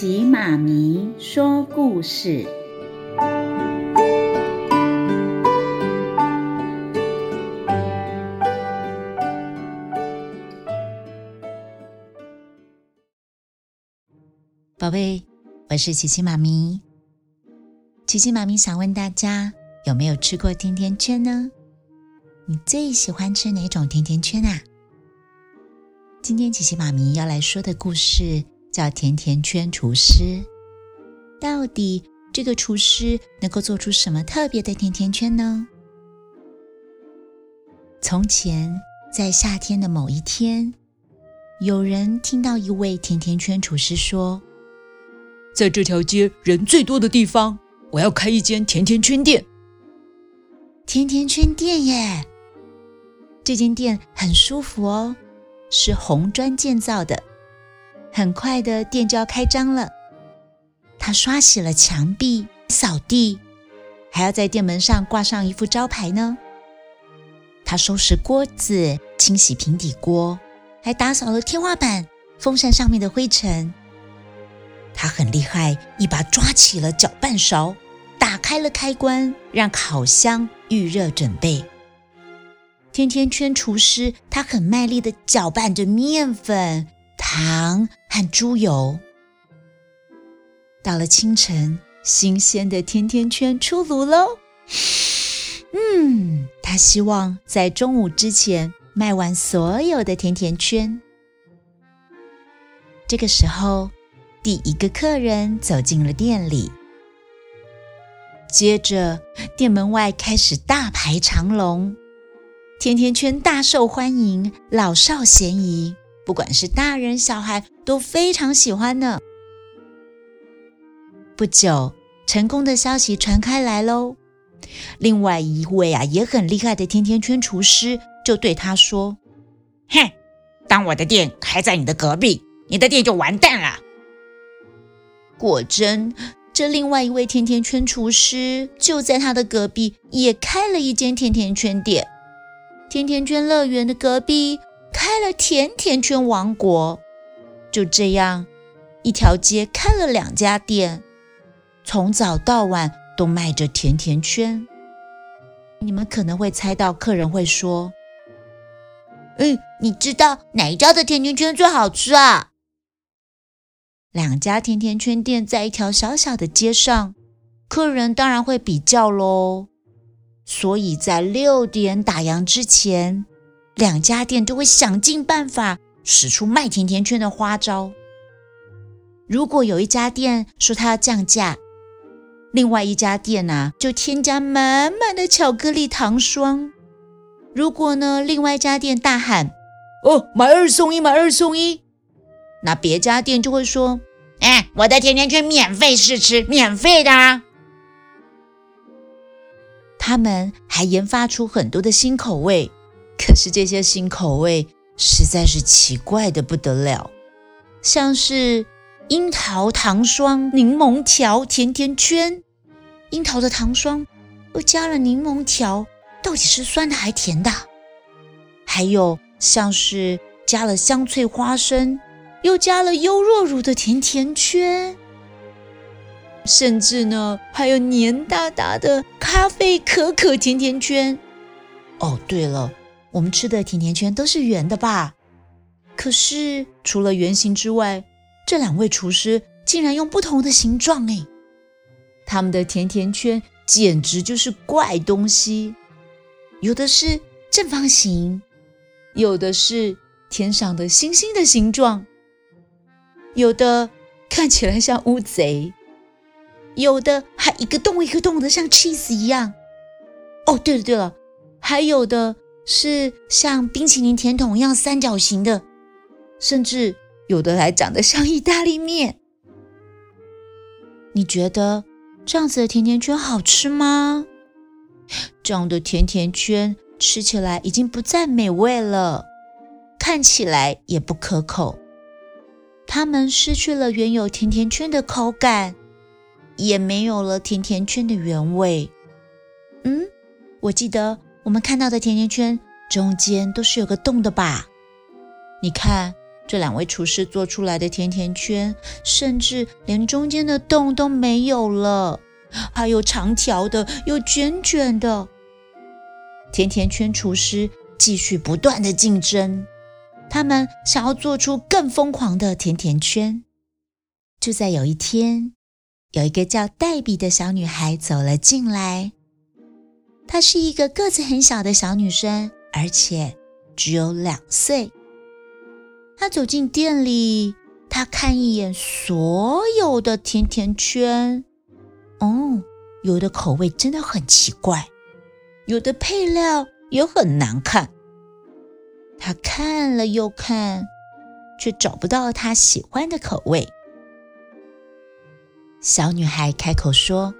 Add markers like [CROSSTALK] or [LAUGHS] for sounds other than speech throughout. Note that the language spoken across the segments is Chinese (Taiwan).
琪琪媽咪說故事，寶貝，我是琪琪媽咪。琪琪媽咪想問大家，有沒有吃過甜甜圈呢？你最喜歡吃哪種甜甜圈啊？今天琪琪媽咪要來說的故事。叫甜甜圈廚師，到底這個廚師能夠做出什麼特別的甜甜圈呢？從前，在夏天的某一天，有人聽到一位甜甜圈廚師說：“在這條街人最多的地方，我要開一間甜甜圈店。”甜甜圈店耶！這間店很舒服哦，是紅磚建造的。很快的，店就要開張了。他刷洗了牆壁、掃地，還要在店門上掛上一副招牌呢。他收拾鍋子、清洗平底鍋，還打掃了天花板、風扇上面的灰塵。他很厲害，一把抓起了攪拌勺，打開了開關，讓烤箱預熱準備。甜甜圈廚師，他很賣力地攪拌着麵粉。糖和豬油。到了清晨，新鮮的甜甜圈出爐嘍。嗯，他希望在中午之前賣完所有的甜甜圈。這個時候，第一個客人走進了店裡，接着店門外開始大排長龍，甜甜圈大受歡迎，老少咸宜。不管是大人小孩都非常喜歡呢。不久，成功的消息傳開來嘍。另外一位啊也很厲害的甜甜圈廚師就對他說：“哼，當我的店開在你的隔壁，你的店就完蛋了。”果真，這另外一位甜甜圈廚師就在他的隔壁也開了一間甜甜圈店——甜甜圈樂園的隔壁。開了甜甜圈王國，就這樣，一條街開了兩家店，從早到晚都賣着甜甜圈。你們可能會猜到，客人會說：“嗯、哎，你知道哪一家的甜甜圈最好吃啊？”兩家甜甜圈店在一條小小的街上，客人當然會比較嘍。所以在六點打烊之前。兩家店都會想盡辦法，使出賣甜甜圈的花招。如果有一家店說它要降價，另外一家店呢、啊、就添加滿滿的巧克力糖霜。如果呢，另外一家店大喊：“哦，買二送一，買二送一！”那別家店就會說：“哎，我的甜甜圈免費試吃，免費的。”他們還研發出很多的新口味。可是這些新口味實在是奇怪的不得了，像是櫻桃糖霜檸檬條甜甜圈，櫻桃的糖霜又加了檸檬條，到底是酸的還甜的？還有像是加了香脆花生又加了優酪乳的甜甜圈，甚至呢還有黏噠噠的咖啡可可甜甜圈。哦，對了。我們吃的甜甜圈都是圓的吧？可是除了圓形之外，這兩位廚師竟然用不同的形狀誒。他們的甜甜圈簡直就是怪東西，有的是正方形，有的是天上的星星的形狀，有的看起來像烏賊，有的還一個洞一個洞的像 cheese 一樣。哦，對了對了，還有的。是像冰淇淋甜筒一樣三角形的，甚至有的還長得像意大利麵。你覺得這樣子的甜甜圈好吃嗎？這樣的甜甜圈吃起來已經不再美味了，看起來也不可口。它們失去了原有甜甜圈的口感，也沒有了甜甜圈的原味。嗯，我記得。我們看到的甜甜圈中間都是有個洞的吧？你看，這兩位廚師做出來的甜甜圈，甚至連中間的洞都沒有了。還有長條的，有捲捲的。甜甜圈廚師繼續不斷的競爭，他們想要做出更瘋狂的甜甜圈。就在有一天，有一個叫黛比的小女孩走了進來。她是一個個子很小的小女生，而且只有兩歲。她走進店裡，她看一眼所有的甜甜圈，哦、嗯，有的口味真的很奇怪，有的配料也很難看。她看了又看，卻找不到她喜歡的口味。小女孩開口說：“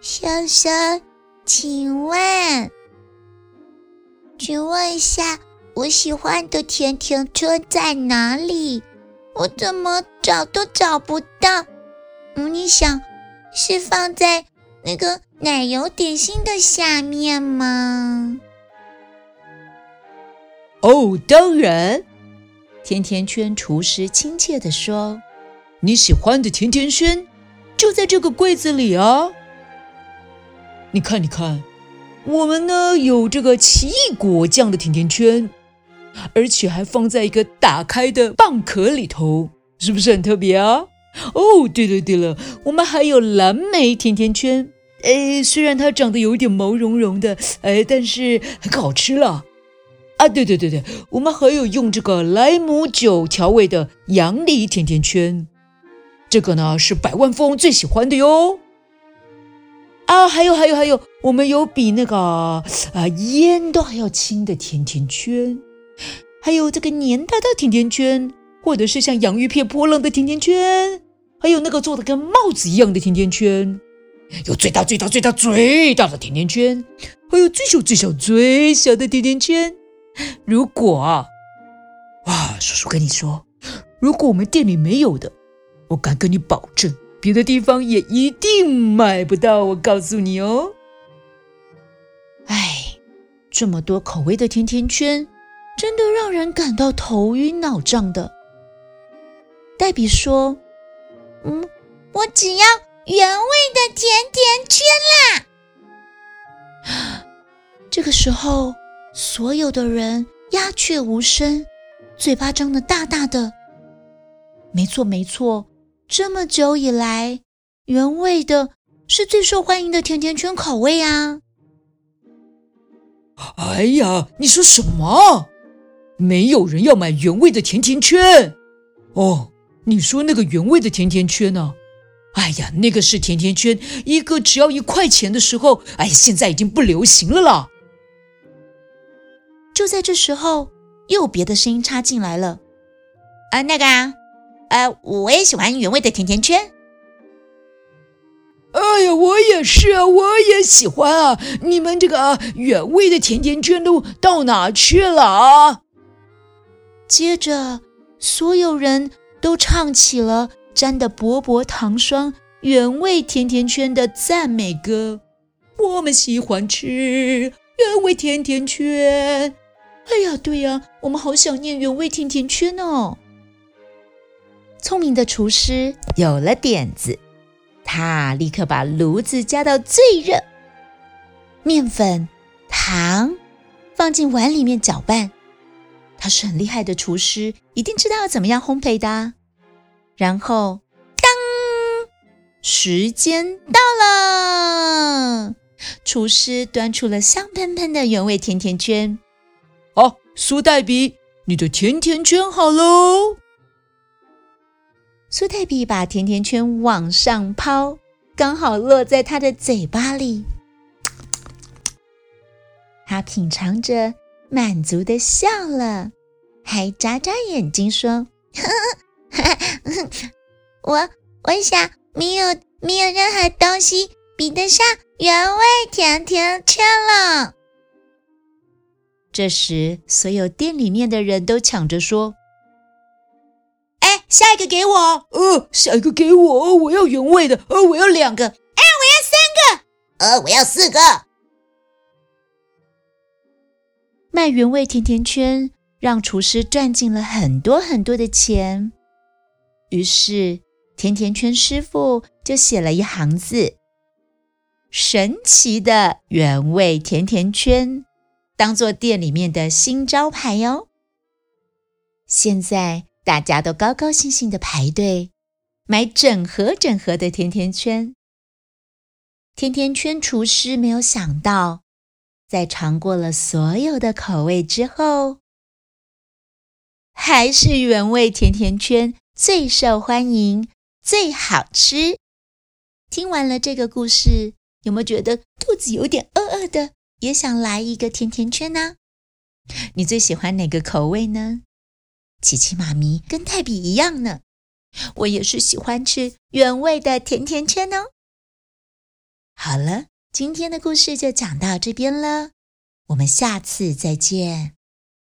香香。”請問，請問一下，我喜歡的甜甜圈在哪裡？我怎麼找都找不到。嗯，你想是放在那個奶油點心的下面嗎？哦，當然。甜甜圈廚師親切的說：“你喜歡的甜甜圈就在這個櫃子裡哦。”你看，你看，我們呢有這個奇異果醬的甜甜圈，而且還放在一個打開的蚌殼裡頭，是不是很特別啊？哦，對了對，對了，我們還有藍莓甜甜圈，誒，雖然它長得有點毛茸茸的，誒，但是很好吃了。啊，對對對對，我們還有用這個萊姆酒調味的洋梨甜甜圈，這個呢是百萬富翁最喜歡的喲。啊，還有還有還有，我們有比那個啊煙都還要輕的甜甜圈，還有這個黏答答的甜甜圈，或者是像洋芋片波浪的甜甜圈，還有那個做的跟帽子一樣的甜甜圈，有最大最大最大最大的甜甜圈，還有最小最小最小的甜甜圈。如果啊，哇，叔叔跟你說，如果我們店裡沒有的，我敢跟你保證。別的地方也一定買不到，我告訴你哦。哎，這麼多口味的甜甜圈，真的讓人感到頭暈腦脹的。黛比說：“嗯，我只要原味的甜甜圈啦。”這個時候，所有的人鴉雀無聲，嘴巴張得大大的。沒錯，沒錯。這麼久以來，原味的是最受歡迎的甜甜圈口味啊！哎呀，你說什麼？沒有人要買原味的甜甜圈？哦，你說那個原味的甜甜圈呢、啊？哎呀，那個是甜甜圈，一個只要一塊錢的時候，哎，現在已經不流行了啦。就在這時候，又有別的聲音插進來了。啊，那個啊。呃，我也喜歡原味的甜甜圈。哎呀，我也是，我也喜歡啊！你們這個原味的甜甜圈都到哪去了啊？接着，所有人都唱起了沾的薄薄糖霜原味甜甜圈的讚美歌。我們喜歡吃原味甜甜圈。哎呀，對呀，我們好想念原味甜甜圈哦！聰明的廚師有了點子，他立刻把爐子加到最熱，麵粉、糖放進碗裡面攪拌。他是很厲害的廚師，一定知道怎麼樣烘焙的。然後，噹！時間到了！廚師端出了香噴噴的原味甜甜圈。哦，蘇黛比，你的甜甜圈好嘍！蘇太碧把甜甜圈往上拋，剛好落在他的嘴巴裡。嘖嘖嘖嘖，他品嘗着，滿足的笑了，還眨眨眼睛說：“呵呵 [LAUGHS] 我我想沒有沒有任何東西比得上原味甜甜圈了。”這時，所有店裡面的人都搶着說。下一個給我，呃，下一個給我，呃，我要原味的，呃，我要兩個，哎，我要三個，呃，我要四個。賣原味甜甜圈，讓廚師賺進了很多很多的錢。於是，甜甜圈師傅就寫了一行字：“神奇的原味甜甜圈”，當做店裡面的新招牌喲、哦。現在。大家都高高興興地排隊買整盒整盒的甜甜圈。甜甜圈廚師沒有想到，在嘗過了所有的口味之後，還是原味甜甜圈最受歡迎、最好吃。聽完了這個故事，有沒有覺得肚子有點餓餓的，也想來一個甜甜圈呢、啊？你最喜歡哪個口味呢？琪琪媽咪跟泰比一樣呢，我也是喜歡吃原味的甜甜圈哦。好了，今天的故事就講到這邊了，我們下次再見。